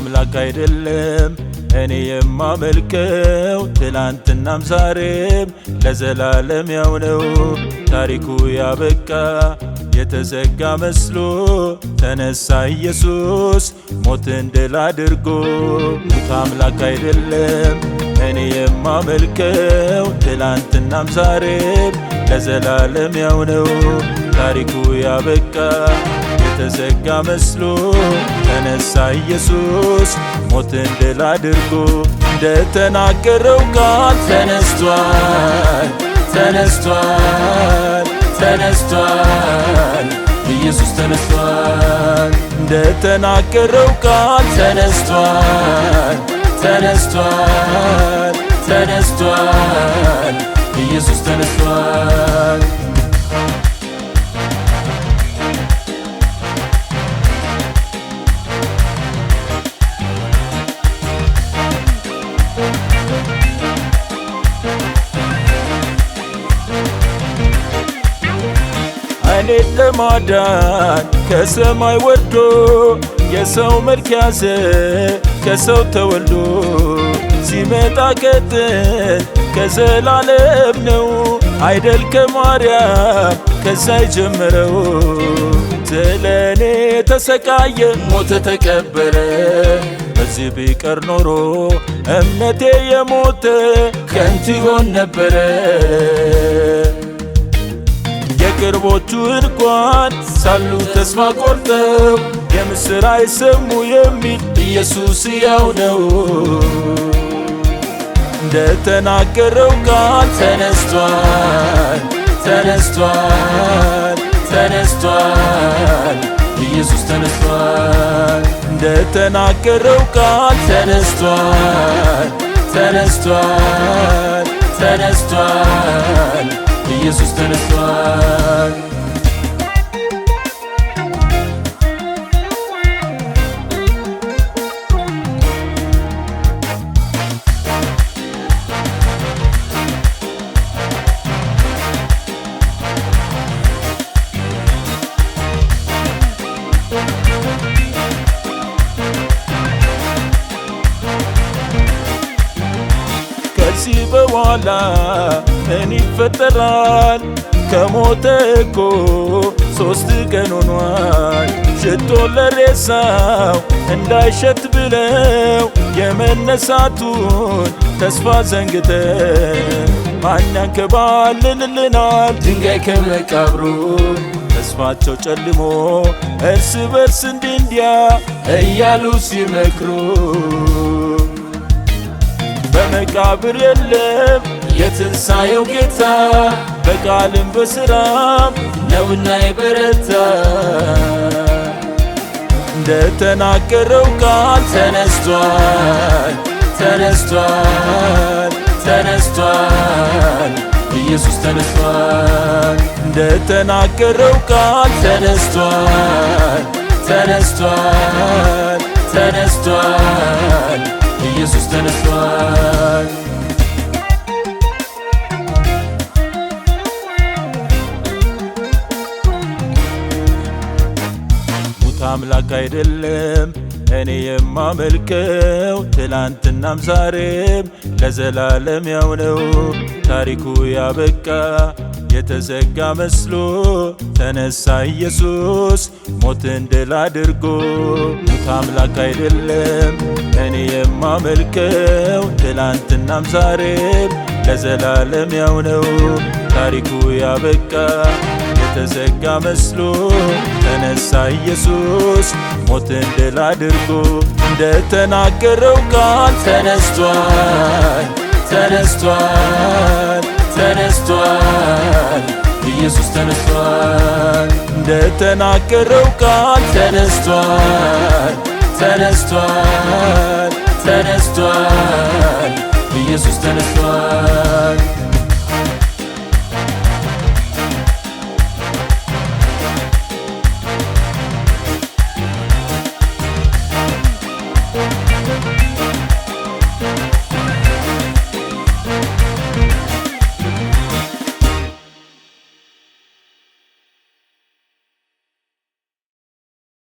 አምላክ አይደለም እኔ የማመልከው ትላንትናም ዛሬም ለዘላለም ያው ነው። ታሪኩ ያበቃ የተዘጋ መስሎ ተነሳ ኢየሱስ ሞትን ድል አድርጎ። ሙት አምላክ አይደለም እኔ የማመልከው ትላንትናም ዛሬም ለዘላለም ያው ነው። ታሪኩ ያበቃ የተዘጋ መስሎ ተነሳ ኢየሱስ ሞትን ድል አድርጎ እንደተናገረው ቃል ተነስቷል፣ ተነስቷል፣ ተነስቷል ኢየሱስ ተነስቷል፣ እንደተናገረው ቃል ተነስቷል፣ ተነስቷል፣ ተነስቷል ኢየሱስ ተነስቷል። እኔን ለማዳን ከሰማይ ወርዶ የሰው መልክ ያዘ ከሰው ተወልዶ ሲመጣ ቀጥል ከዘላለም ነው አይደል ከማርያም ከዛ የጀመረው ስለኔ ተሰቃየ ሞተ ተቀበረ በዚህ ቢቀር ኖሮ እምነቴ የሞተ ከንቱ ይሆን ነበረ ቅርቦቹ እንኳን ሳሉ ተስፋ ቆርጠው የምስራች ሰሙ የሚል ኢየሱስ ያው ነው። እንደተናገረው ቃል ተነስቷል፣ ተነስቷል፣ ተነስቷል፣ ኢየሱስ ተነስቷል። እንደተናገረው ቃል ተነስቷል፣ ተነስቷል፣ ተነስቷል ኢየሱስ ተነስቷል። ከዚህ በኋላ ምን ይፈጠራል? ከሞተ እኮ ሶስት ቀን ሆኗል። ሽቶ ለሬሳው እንዳይሸት ብለው የመነሳቱን ተስፋ ዘንግተን ማን ከባልልልናል ድንጋይ ከመቃብሩ ተስፋቸው ጨልሞ እርስ በርስ እንዲህ እንዲያ እያሉ ሲመክሩ መቃብር የለም የትንሣኤው ጌታ በቃልም በሥራም ነውና የበረታ እንደተናገረው ቃል ተነስቷል ተነስቷል ተነስቷል ኢየሱስ ተነስቷል እንደተናገረው ቃል ተነስቷል ተነስቷል ተነስቷል ኢየሱስ ተነስቷል። ሙት አምላክ አይደለም እኔ የማመልከው ትላንትናም ዛሬም ለዘላለም ያው ነው። ታሪኩ ያበቃ የተዘጋ መስሎ ተነሳ ኢየሱስ ሞትን ድል አድርጎ። ሙት አምላክ አይደለም እኔ የማመልከው ትላንትናም ዛሬም ለዘላለም ያው ነው። ታሪኩ ያበቃ የተዘጋ መስሎ ተነሳ ኢየሱስ ሞትን ድል አድርጎ። እንደተናገረው ቃል ተነስቷል ተነስቷል ተነስቷል፣ ኢየሱስ ተነስቷል፣ እንደተናገረው ቃል ተነስቷል፣ ተነስቷል፣ ተነስቷል፣ ኢየሱስ ተነስቷል።